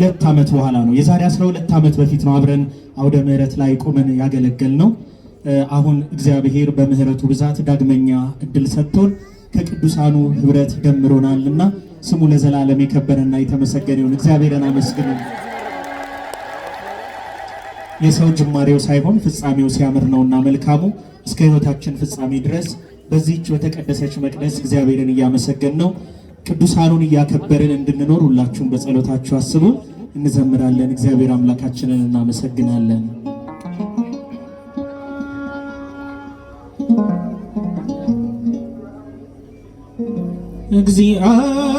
ከ ዓመት በኋላ ነው። የዛሬ 12 ዓመት በፊት ነው አብረን አውደ ምሕረት ላይ ቆመን ያገለገል ነው። አሁን እግዚአብሔር በምሕረቱ ብዛት ዳግመኛ እድል ሰጥቶን ከቅዱሳኑ ህብረት ደምሮናልና ስሙ ለዘላለም የከበረና የተመሰገነውን እግዚአብሔርን አመስግኑ። የሰው ጅማሬው ሳይሆን ፍጻሜው ሲያምር ነውና መልካሙ እስከ ህይወታችን ፍጻሜ ድረስ በዚህች በተቀደሰች መቅደስ እግዚአብሔርን እያመሰገን ነው። ቅዱሳኑን እያከበርን እንድንኖር ሁላችሁም በጸሎታችሁ አስቡ። እንዘምራለን። እግዚአብሔር አምላካችንን እናመሰግናለን። እግዚአብሔር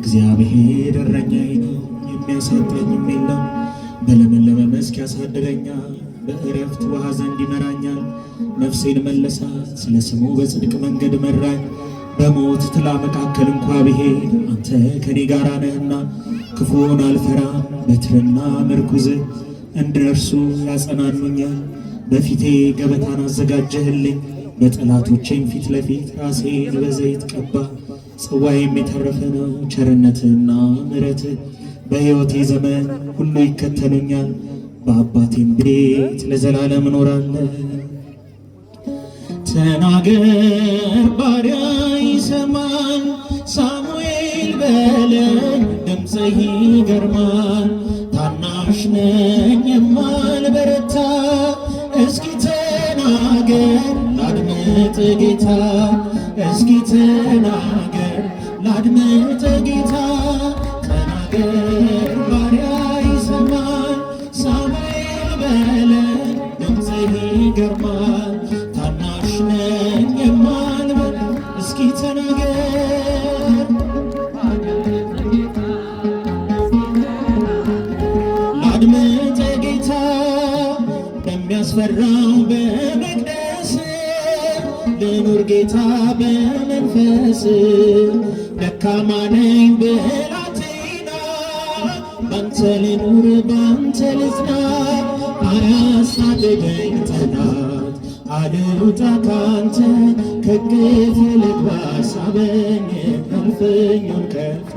እግዚአብሔር እረኛዬ የሚያሳጣኝም የለም። በለመለመ መስክ ያሳድረኛል፣ በእረፍት ውኃ ዘንድ ይመራኛል። ነፍሴን መለሳት፣ ስለ ስሙ በጽድቅ መንገድ መራኝ። በሞት ጥላ መካከል እንኳ ብሄድ አንተ ከኔ ጋር ነህና፣ ክፉን አልፈራም። በትርና ምርኩዝህ እንደ እርሱ ያጸናኑኛል። በፊቴ ገበታን አዘጋጀህልኝ በጠላቶቼም ፊት ለፊት ራሴን በዘይት ቀባ። ጽዋዬም የተረፈ ነው። ቸርነትና ምሕረት በሕይወቴ ዘመን ሁሉ ይከተለኛል በአባቴም ቤት ለዘላለም እኖራለሁ። ተናገር ባሪያ ይሰማል፣ ሳሙኤል በለን ድምፅህ ይገርማል። ታናሽ ነኝ የማልበረታ እስኪ ተናገር ላድምጥ ጌታ፣ እስኪ ተናገር ላድምጥ ጌታ፣ ተናገር ባሪያ ይሰማል፣ ድምፅህ ይገርማል ያስፈራው በመቅደስ ልኑር ጌታ በመንፈስ ደካማ ነኝ ብላቴና ባንተ ልኑር ባንተ ልጽና አያሳድደኝ ጠላት አልውጣ ካንተ ከግፍ ልግባ ሳበኝ እልፍኙን ከፍተ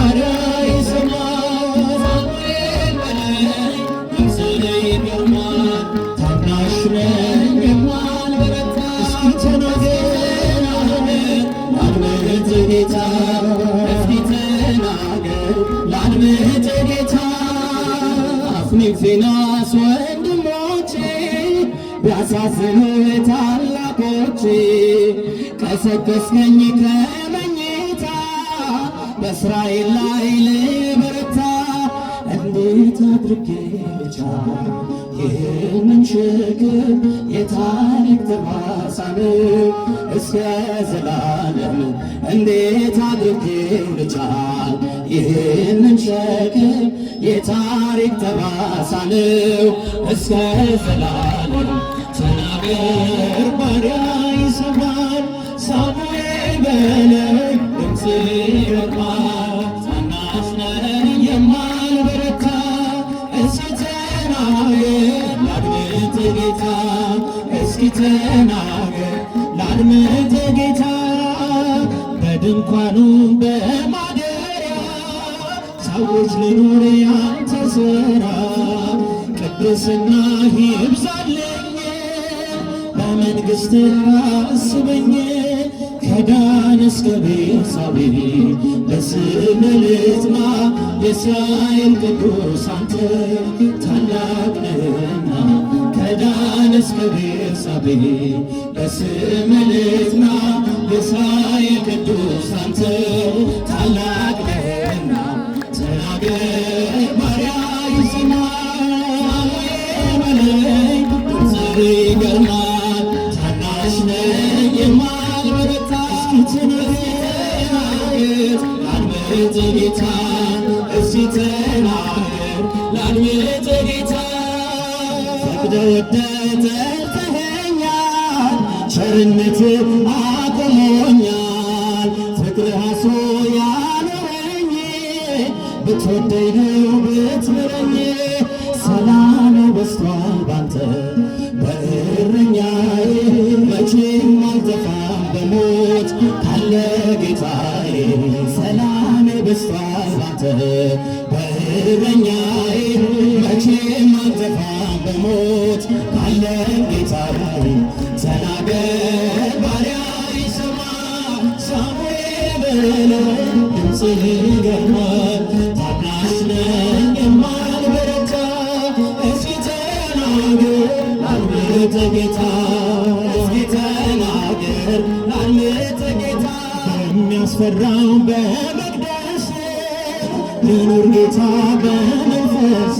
ሚክሲናስ ወንድሞቼ ቢያሳዝን ታላቆቼ ቀሰቀስከኝ ከመኝታ በእስራኤል ላይ ልበረታ እንዴት አድርጌ ብቻ ይህንን ችግር የታሪክ ተማሳን እስከ ዘላለም እንዴት አድርጌ ብቻ ይህንን ችግር የታሪክ ተባሳለው እስከ ዘላለም ተናገር ባሪያ ይሰማል። ሳሙኤል በለኝ ድምፅ ይወርማል። ጸናጽነን የማልበረታ እስኪ ተናገር ላድምጥ ጌታ እስኪ ተና ሰዎች ልኑር ያንተ ስራ ቅድስና ይብዛልኝ በመንግሥት አስበኝ ከዳን እስከ ቤርሳቤ በስም ልጥማ የእስራኤል ቅዱስ አንተ ታላቅ ነህና ከዳን እስከ ቤርሳቤ በስም ልጥማ የእስራኤል ቅዱስ አደተኸኛል ቸርነት አቆሞኛል ፍቅር አሶ ያኖረኝ ብትወደኝ ብትምረኝ ሰላም በስቷል ባንተ በእረኛዬ መቼም አልጠፋም በሞት ካለ ጌታዬ ሰላም በስቷል ባንተ በእረኛዬ መቼም አልጠፋም ሞት ባለን ጌታ ተናገር ባሪያ ይሰማ ሳሙኤል ድምፅህ ይገርማል ታናሽ ነኝ የማልበረታ እስኪ ተናገር ላምልጥ ጌታ እስኪ ተናገር ላምልጥ ጌታ በሚያስፈራው በመቅደስ ልኑር ጌታ በመንፈስ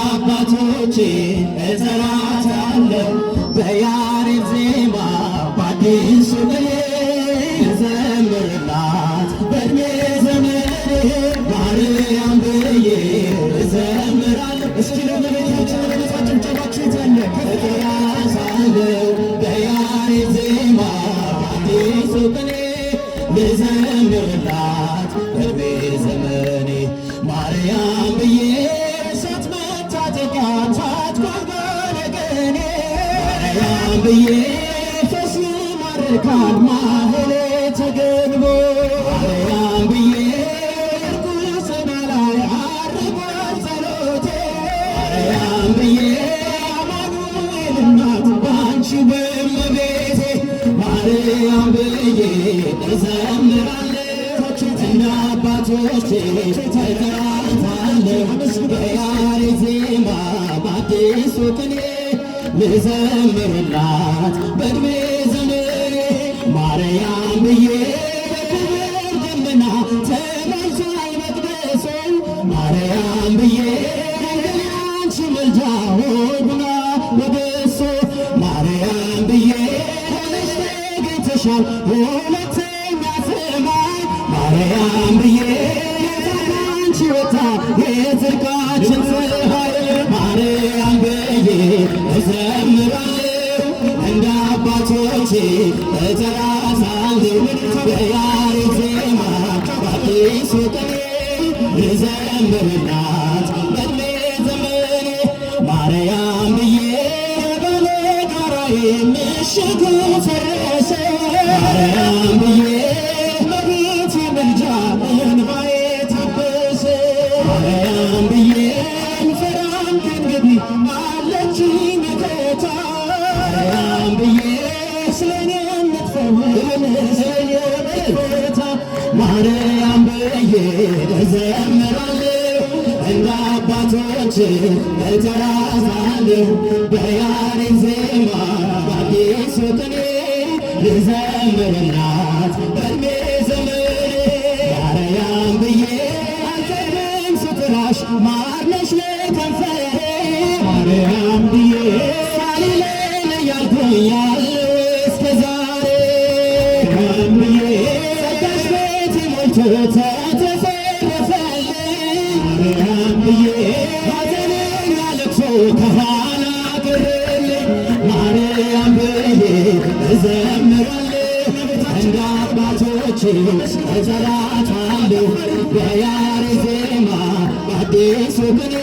አባቶቼ እዘራታለሁ በያሬድ ዜማ በአዲሱ Es que ቅኔ ልዘምርላት በእድሜ ዳሴ በተራሳሌ በያሬድ ዜማ በአዲሱ ቅኔ ማርያም ብዬ ማርያም ብዬ እዘምራለሁ እንደ አባቶች እጠራታለሁ በያሬድ ዜማ በአዲሱ ቅኔ ለከንፈሬ ማርያም እዘራታለሁ በያሬ ዜማ በአዲሱ ቅኔ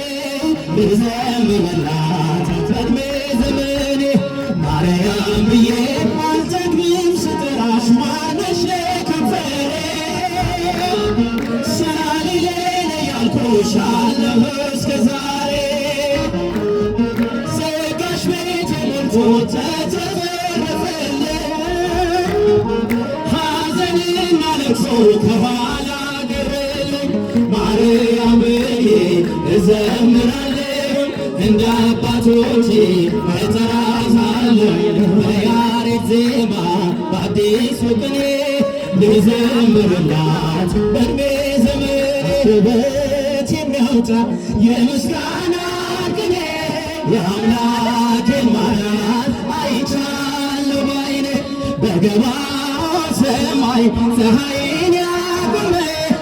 ልዘምርላት በዕድሜ ዘመኔ ማርያም ብዬ አልዘግብም ስጠራሽ ማነሽ ከንፈሬ ሰላሌ ያልኩሽ ከኋላ ደረለኝ ማርያምዬ እዘምራለሁ እንደ አባቶቼ እጠራታለሁ በያሬድ ዜማ በአዲሱ ቅኔ ልዘምርላት የሚያወጣ የምስጋና አይቻለሁ ባይኔ በገባ ሰማይ ፀሐይ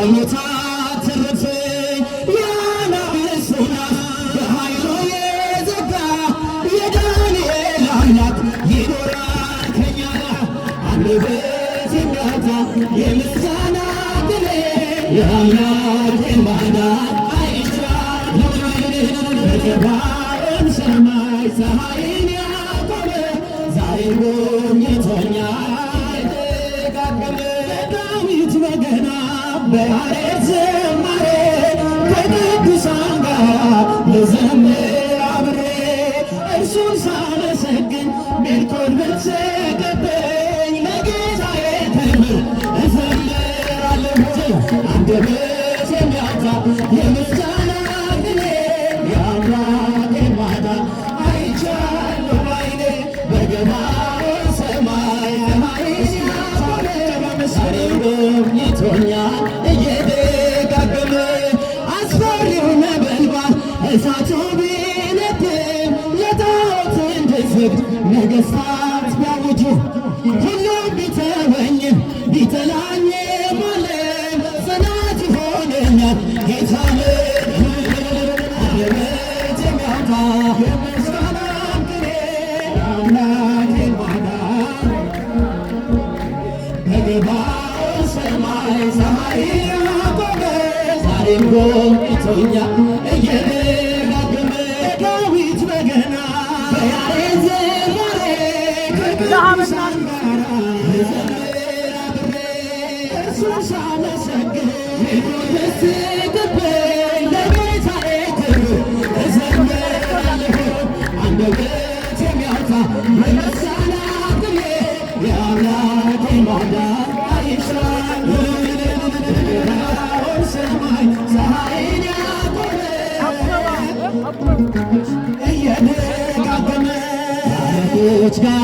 ከሞት አትርፌ ያናብስና በኃይሉ የዘጋ የዳንኤል አምላክ ይኖራል ከኛ አንደበቴ የሚያወጣ ሰማይ ፀሐይን ያቆመ ዛሬ ጎብኝቶኛል ደጋግመ ዳዊ በገና በያሬድ ዝማሬ ከቅዱሳን ጋር ልዘምር አብሬ እርሱን ሳመሰግን ለጌታዬ እዘምራለሁ አንደበ እሳቱ ቢነድ የጣዖትን ትዝብት ነገሥታት ቢያውጁ ሁሉም ቢተወኝ ቢጠላኝ ዓለም ጽናት ይሆነኛል ጌታ የመጀመሪያ ሰማይ ሰማይ ያቆመ ዛሬም ጎብኝቶኛል ች ጋር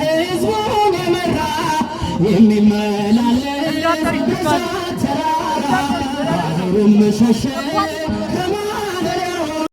ህዝቡን የመራ የሚመላለስ ተራራ ባህሩም ሸሸ